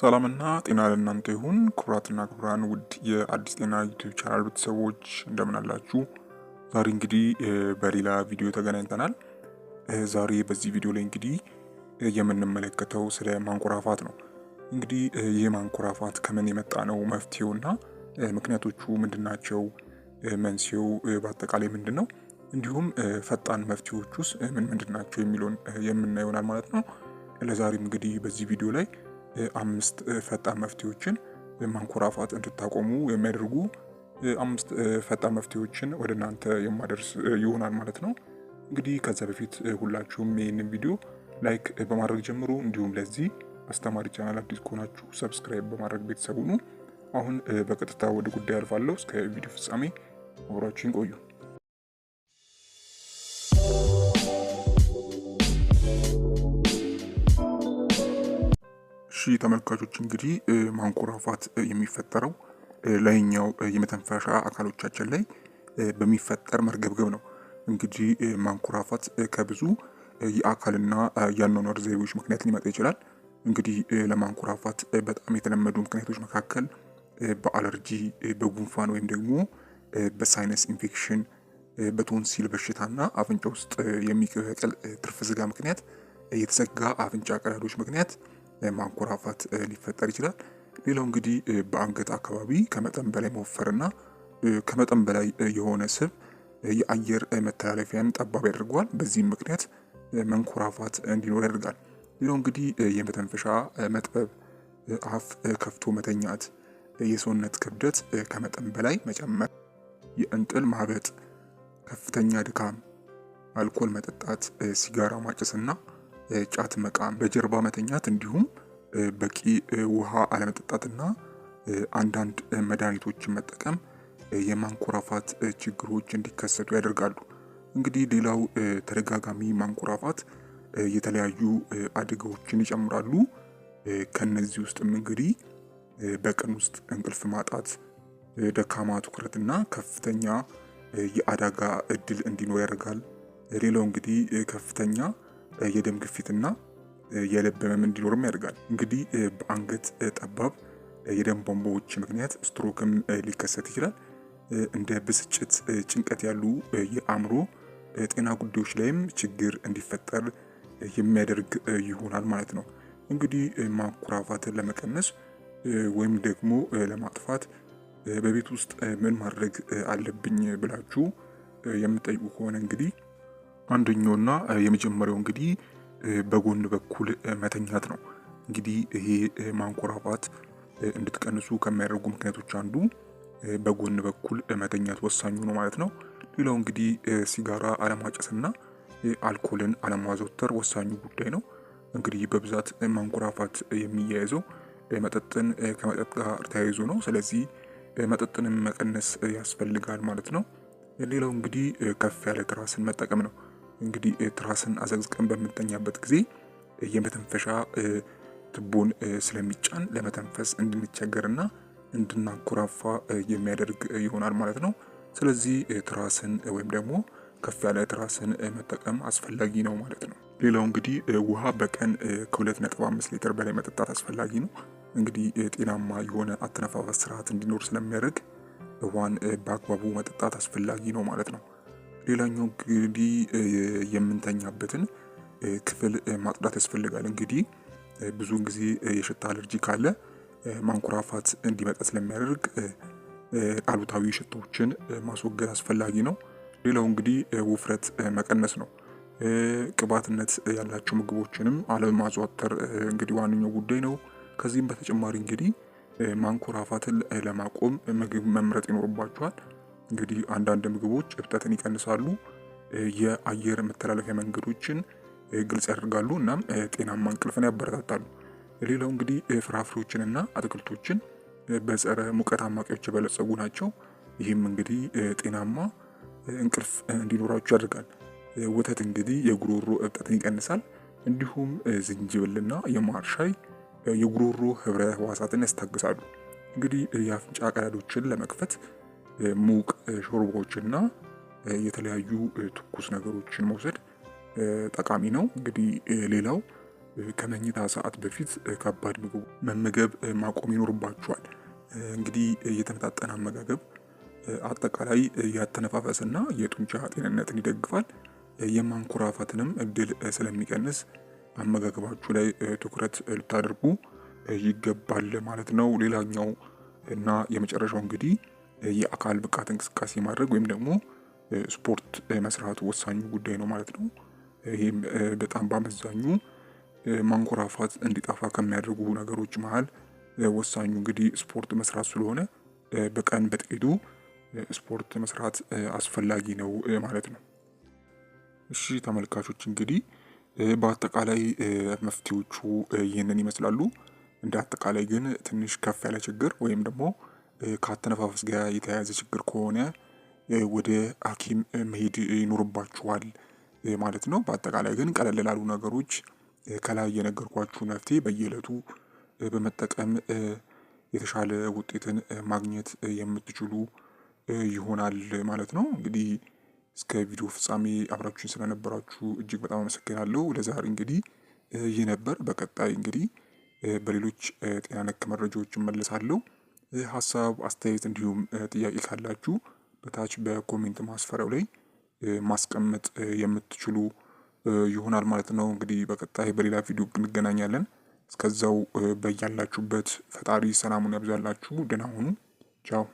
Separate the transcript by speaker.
Speaker 1: ሰላምና ጤና ለእናንተ ይሁን ክቡራትና ክቡራን ውድ የአዲስ ጤና ዩቲዩብ ቻናል ቤተሰቦች እንደምን አላችሁ? ዛሬ እንግዲህ በሌላ ቪዲዮ ተገናኝተናል። ዛሬ በዚህ ቪዲዮ ላይ እንግዲህ የምንመለከተው ስለ ማንኮራፋት ነው። እንግዲህ ይህ ማንኮራፋት ከምን የመጣ ነው? መፍትሄውና ምክንያቶቹ ምንድናቸው? መንስኤው በአጠቃላይ ምንድን ነው? እንዲሁም ፈጣን መፍትሄዎቹስ ምን ምንድን ናቸው የሚለውን የምናየው ይሆናል ማለት ነው። ለዛሬም እንግዲህ በዚህ ቪዲዮ ላይ አምስት ፈጣን መፍትሄዎችን ማንኮራፋት እንድታቆሙ የሚያደርጉ አምስት ፈጣን መፍትሄዎችን ወደ እናንተ የማደርስ ይሆናል ማለት ነው። እንግዲህ ከዛ በፊት ሁላችሁም ይህንን ቪዲዮ ላይክ በማድረግ ጀምሩ። እንዲሁም ለዚህ አስተማሪ ቻናል አዲስ ከሆናችሁ ሰብስክራይብ በማድረግ ቤተሰቡ ሁኑ። አሁን በቀጥታ ወደ ጉዳይ አልፋለሁ። እስከ ቪዲዮ ፍጻሜ አብራችሁን ቆዩ። እሺ ተመልካቾች እንግዲህ ማንኮራፋት የሚፈጠረው ላይኛው የመተንፈሻ አካሎቻችን ላይ በሚፈጠር መርገብገብ ነው። እንግዲህ ማንኮራፋት ከብዙ የአካልና የአኗኗር ዘይቤዎች ምክንያት ሊመጣ ይችላል። እንግዲህ ለማንኮራፋት በጣም የተለመዱ ምክንያቶች መካከል በአለርጂ፣ በጉንፋን ወይም ደግሞ በሳይነስ ኢንፌክሽን፣ በቶንሲል በሽታና አፍንጫ ውስጥ የሚቀቀል ትርፍ ስጋ ምክንያት የተዘጋ አፍንጫ ቀዳዶች ምክንያት ማንኮራፋት ሊፈጠር ይችላል። ሌላው እንግዲህ በአንገት አካባቢ ከመጠን በላይ መወፈርና ከመጠን በላይ የሆነ ስብ የአየር መተላለፊያን ጠባብ ያደርገዋል። በዚህም ምክንያት መንኮራፋት እንዲኖር ያደርጋል። ሌላው እንግዲህ የመተንፈሻ መጥበብ፣ አፍ ከፍቶ መተኛት፣ የሰውነት ክብደት ከመጠን በላይ መጨመር፣ የእንጥል ማበጥ፣ ከፍተኛ ድካም፣ አልኮል መጠጣት፣ ሲጋራ ማጨስና ጫት መቃም፣ በጀርባ መተኛት እንዲሁም በቂ ውሃ አለመጠጣትና አንዳንድ መድኃኒቶችን መጠቀም የማንኮራፋት ችግሮች እንዲከሰቱ ያደርጋሉ። እንግዲህ ሌላው ተደጋጋሚ ማንኮራፋት የተለያዩ አደጋዎችን ይጨምራሉ። ከነዚህ ውስጥም እንግዲህ በቀን ውስጥ እንቅልፍ ማጣት፣ ደካማ ትኩረትና ከፍተኛ የአደጋ እድል እንዲኖር ያደርጋል። ሌላው እንግዲህ ከፍተኛ የደም ግፊትና የልብ ህመም እንዲኖርም ያደርጋል። እንግዲህ በአንገት ጠባብ የደም ቧንቧዎች ምክንያት ስትሮክም ሊከሰት ይችላል። እንደ ብስጭት፣ ጭንቀት ያሉ የአእምሮ ጤና ጉዳዮች ላይም ችግር እንዲፈጠር የሚያደርግ ይሆናል ማለት ነው። እንግዲህ ማኩራፋትን ለመቀነስ ወይም ደግሞ ለማጥፋት በቤት ውስጥ ምን ማድረግ አለብኝ ብላችሁ የምጠይቁ ከሆነ እንግዲህ አንደኛውና የመጀመሪያው እንግዲህ በጎን በኩል መተኛት ነው። እንግዲህ ይሄ ማንኮራፋት እንድትቀንሱ ከሚያደርጉ ምክንያቶች አንዱ በጎን በኩል መተኛት ወሳኙ ነው ማለት ነው። ሌላው እንግዲህ ሲጋራ አለማጨስና አልኮልን አለማዘውተር ወሳኙ ጉዳይ ነው። እንግዲህ በብዛት ማንኮራፋት የሚያይዘው መጠጥን ከመጠጥ ጋር ተያይዞ ነው። ስለዚህ መጠጥንም መቀነስ ያስፈልጋል ማለት ነው። ሌላው እንግዲህ ከፍ ያለ ትራስን መጠቀም ነው። እንግዲህ ትራስን አዘግዝቀን በምንተኛበት ጊዜ የመተንፈሻ ቱቦን ስለሚጫን ለመተንፈስ እንድንቸገርና እንድናኮራፋ የሚያደርግ ይሆናል ማለት ነው። ስለዚህ ትራስን ወይም ደግሞ ከፍ ያለ ትራስን መጠቀም አስፈላጊ ነው ማለት ነው። ሌላው እንግዲህ ውሃ በቀን ከሁለት ነጥብ አምስት ሊትር በላይ መጠጣት አስፈላጊ ነው። እንግዲህ ጤናማ የሆነ አተነፋፈስ ስርዓት እንዲኖር ስለሚያደርግ ውሃን በአግባቡ መጠጣት አስፈላጊ ነው ማለት ነው። ሌላኛው እንግዲህ የምንተኛበትን ክፍል ማጽዳት ያስፈልጋል። እንግዲህ ብዙ ጊዜ የሽታ አለርጂ ካለ ማንኮራፋት እንዲመጣ ስለሚያደርግ አሉታዊ ሽታዎችን ማስወገድ አስፈላጊ ነው። ሌላው እንግዲህ ውፍረት መቀነስ ነው። ቅባትነት ያላቸው ምግቦችንም አለማዘወተር እንግዲህ ዋነኛው ጉዳይ ነው። ከዚህም በተጨማሪ እንግዲህ ማንኮራፋትን ለማቆም ምግብ መምረጥ ይኖርባቸዋል። እንግዲህ አንዳንድ ምግቦች እብጠትን ይቀንሳሉ፣ የአየር መተላለፊያ መንገዶችን ግልጽ ያደርጋሉ፣ እናም ጤናማ እንቅልፍን ያበረታታሉ። ሌላው እንግዲህ ፍራፍሬዎችንና አትክልቶችን በጸረ ሙቀት አማቂዎች የበለጸጉ ናቸው። ይህም እንግዲህ ጤናማ እንቅልፍ እንዲኖራቸው ያደርጋል። ወተት እንግዲህ የጉሮሮ እብጠትን ይቀንሳል። እንዲሁም ዝንጅብልና የማር ሻይ የጉሮሮ ህብረ ህዋሳትን ያስታግሳሉ። እንግዲህ የአፍንጫ ቀዳዶችን ለመክፈት ሙቅ እና የተለያዩ ትኩስ ነገሮችን መውሰድ ጠቃሚ ነው። እንግዲህ ሌላው ከመኝታ ሰዓት በፊት ከባድ ምግብ መመገብ ማቆም ይኖርባቸዋል። እንግዲህ የተመጣጠነ አመጋገብ አጠቃላይ ና የጡንቻ ጤንነትን ይደግፋል። የማንኮራፋትንም እድል ስለሚቀንስ አመጋገባችሁ ላይ ትኩረት ልታደርጉ ይገባል ማለት ነው። ሌላኛው እና የመጨረሻው እንግዲህ የአካል ብቃት እንቅስቃሴ ማድረግ ወይም ደግሞ ስፖርት መስራቱ ወሳኙ ጉዳይ ነው ማለት ነው። ይህም በጣም በአመዛኙ ማንኮራፋት እንዲጠፋ ከሚያደርጉ ነገሮች መሀል ወሳኙ እንግዲህ ስፖርት መስራት ስለሆነ በቀን በጥቂቱ ስፖርት መስራት አስፈላጊ ነው ማለት ነው። እሺ ተመልካቾች እንግዲህ በአጠቃላይ መፍትሄዎቹ ይህንን ይመስላሉ። እንደ አጠቃላይ ግን ትንሽ ከፍ ያለ ችግር ወይም ደግሞ ከአተነፋፈስ ጋር የተያያዘ ችግር ከሆነ ወደ ሀኪም መሄድ ይኖርባችኋል ማለት ነው። በአጠቃላይ ግን ቀለል ላሉ ነገሮች ከላይ የነገርኳችሁ መፍትሄ በየእለቱ በመጠቀም የተሻለ ውጤትን ማግኘት የምትችሉ ይሆናል ማለት ነው። እንግዲህ እስከ ቪዲዮ ፍጻሜ አብራችን ስለነበራችሁ እጅግ በጣም አመሰግናለሁ። ለዛሬ እንግዲህ ይህ ነበር። በቀጣይ እንግዲህ በሌሎች ጤና ነክ መረጃዎች እመለሳለሁ። ሀሳብ፣ አስተያየት እንዲሁም ጥያቄ ካላችሁ በታች በኮሜንት ማስፈሪያው ላይ ማስቀመጥ የምትችሉ ይሆናል ማለት ነው። እንግዲህ በቀጣይ በሌላ ቪዲዮ እንገናኛለን። እስከዛው በያላችሁበት ፈጣሪ ሰላሙን ያብዛላችሁ። ደህና ሁኑ። ቻው